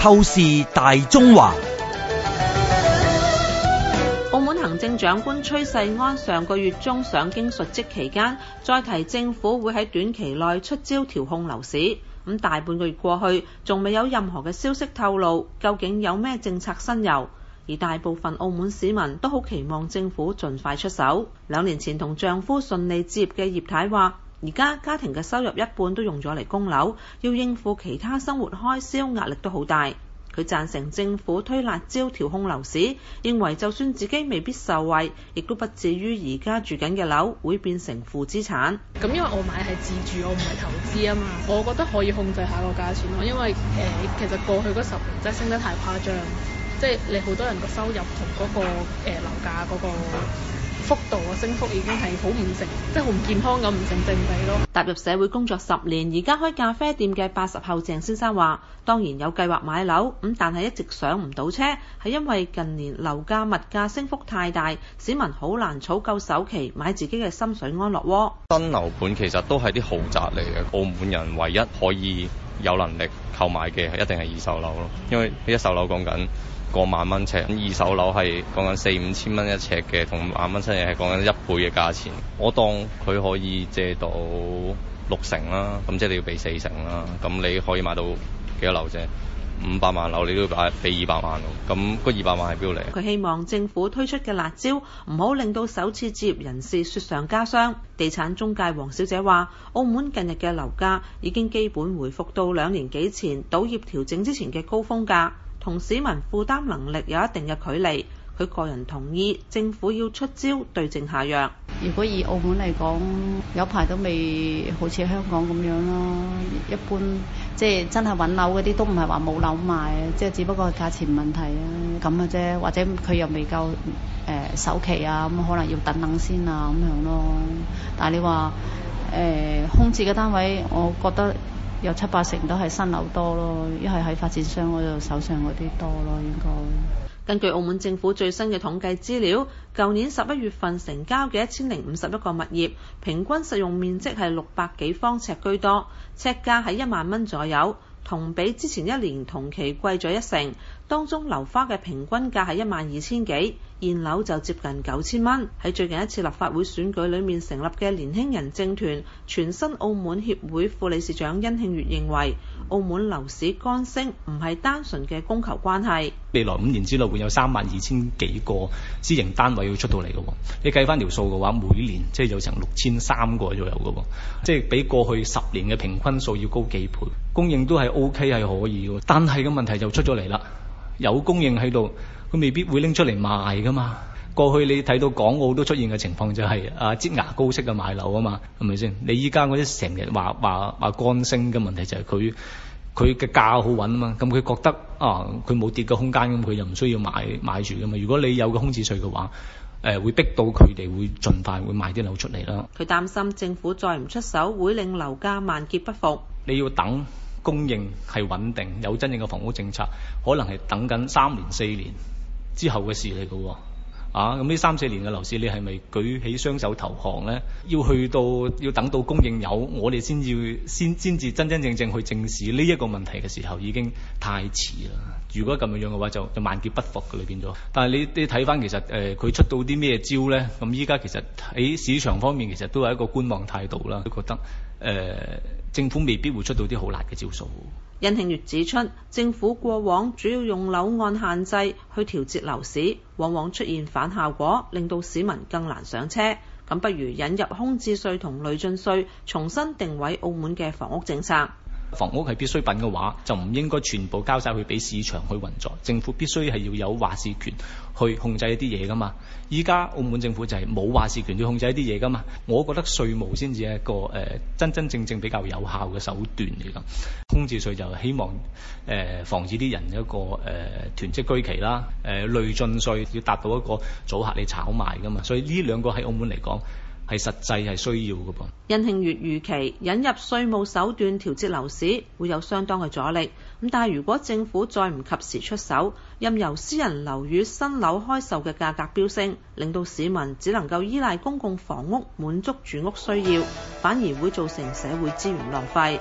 透視大中華，澳門行政長官崔世安上個月中上京述職期間，再提政府會喺短期內出招調控樓市。咁大半個月過去，仲未有任何嘅消息透露，究竟有咩政策新猷？而大部分澳門市民都好期望政府盡快出手。兩年前同丈夫順利接嘅葉太話。而家家庭嘅收入一半都用咗嚟供樓，要應付其他生活開銷，壓力都好大。佢贊成政府推辣招調控樓市，認為就算自己未必受惠，亦都不至於而家住緊嘅樓會變成負資產。咁因為我買係自住，我唔係投資啊嘛，我覺得可以控制下個價錢咯。因為誒，其實過去嗰十年真係升得太誇張，即係你好多人個收入同嗰個誒樓價嗰個。幅度嘅升幅已經係好唔成，即係好唔健康咁，唔成正比咯。踏入社會工作十年，而家開咖啡店嘅八十後鄭先生話，當然有計劃買樓，咁但係一直上唔到車，係因為近年樓價物價升幅太大，市民好難儲夠首期買自己嘅心水安樂窩。新樓盤其實都係啲豪宅嚟嘅，澳門人唯一可以有能力購買嘅係一定係二手樓咯，因為一手樓講緊過萬蚊尺，咁二手樓係講緊四五千蚊一尺嘅，同萬蚊尺嘅係講緊一倍嘅價錢。我當佢可以借到六成啦，咁即係你要俾四成啦，咁你可以買到幾多樓啫？五百萬樓，你都要俾二百萬喎，咁嗰二百萬係邊度嚟？佢希望政府推出嘅辣椒唔好令到首次置業人士雪上加霜。地產中介黃小姐話：澳門近日嘅樓價已經基本回復到兩年幾前賭業調整之前嘅高峰價，同市民負擔能力有一定嘅距離。佢個人同意政府要出招對症下藥。如果以澳門嚟講，有排都未好似香港咁樣咯，一般。即係真係揾樓嗰啲都唔係話冇樓賣，即係只不過係價錢問題啊咁嘅啫，或者佢又未夠誒、呃、首期啊，咁可能要等等先啊咁樣咯。但係你話誒、呃、空置嘅單位，我覺得有七八成都係新樓多咯，一係喺發展商嗰度手上嗰啲多咯，應該。根據澳門政府最新嘅統計資料，舊年十一月份成交嘅一千零五十一個物業，平均實用面積係六百幾方尺居多，尺價係一萬蚊左右，同比之前一年同期貴咗一成。當中樓花嘅平均價係一萬二千幾。現樓就接近九千蚊。喺最近一次立法會選舉裏面成立嘅年輕人政團全新澳門協會副理事長殷慶月認為，澳門樓市乾升唔係單純嘅供求關係。未來五年之內會有三萬二千幾個私營單位要出到嚟嘅，你計翻條數嘅話，每年即係、就是、有成六千三個左右嘅，即、就、係、是、比過去十年嘅平均數要高幾倍，供應都係 OK，係可以嘅，但係嘅問題就出咗嚟啦。有供應喺度，佢未必會拎出嚟賣噶嘛。過去你睇到港澳都出現嘅情況就係、是、啊，擠牙膏式嘅買樓啊嘛，係咪先？你依家嗰啲成日話話話乾升嘅問題就係佢佢嘅價好穩啊嘛，咁、嗯、佢覺得啊佢冇跌嘅空間咁，佢就唔需要買買住噶嘛。如果你有個空置稅嘅話，誒、呃、會逼到佢哋會盡快會賣啲樓出嚟囉。佢擔心政府再唔出手，會令樓價萬劫不復。你要等。供應係穩定，有真正嘅房屋政策，可能係等緊三年四年之後嘅事嚟嘅喎。啊！咁呢三四年嘅樓市，你係咪舉起雙手投降呢？要去到要等到供應有，我哋先至先先至真真正正，正去正視呢一個問題嘅時候，已經太遲啦。如果咁樣樣嘅話，就就萬劫不復嘅裏邊咗。但係你你睇返其實誒，佢、呃、出到啲咩招呢？咁依家其實喺市場方面，其實都係一個觀望態度啦，都覺得誒、呃、政府未必會出到啲好辣嘅招數。殷慶月指出，政府過往主要用樓按限制去調節樓市，往往出現反效果，令到市民更難上車。咁不如引入空置稅同累進稅，重新定位澳門嘅房屋政策。房屋係必需品嘅話，就唔應該全部交晒去俾市場去運作。政府必須係要有話事權去控制一啲嘢噶嘛。依家澳門政府就係冇話事權要控制一啲嘢噶嘛。我覺得稅務先至係一個誒、呃、真真正正比較有效嘅手段嚟㗎。空置稅就希望誒、呃、防止啲人一個誒、呃、囤積居奇啦。誒、呃、累進稅要達到一個阻嚇你炒賣㗎嘛。所以呢兩個喺澳門嚟講。係實際係需要㗎噃。任慶月預期，引入稅務手段調節樓市，會有相當嘅阻力。咁但係如果政府再唔及時出手，任由私人樓宇新樓開售嘅價格飆升，令到市民只能夠依賴公共房屋滿足住屋需要，反而會造成社會資源浪費。